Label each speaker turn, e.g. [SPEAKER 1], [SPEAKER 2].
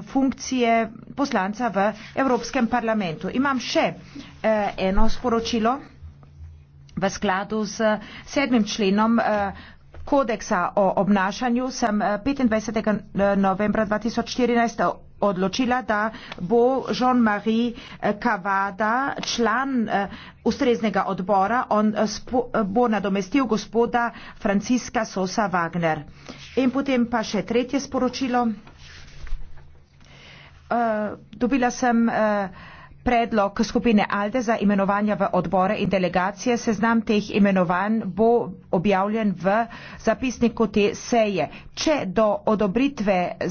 [SPEAKER 1] funkcije poslanca v Evropskem parlamentu. Imam še eh, eno sporočilo v skladu s sedmim členom eh, kodeksa o obnašanju. Sem 25. Eh, novembra 2014 odločila, da bo Jean-Marie Cavada član ustreznega odbora. On bo nadomestil gospoda Franciska Sosa Wagner. In potem pa še tretje sporočilo. Eh, dobila sem eh, predlog skupine Alde za imenovanja v odbore in delegacije. Seznam teh imenovanj bo objavljen v zapisniku te seje. Če do odobritve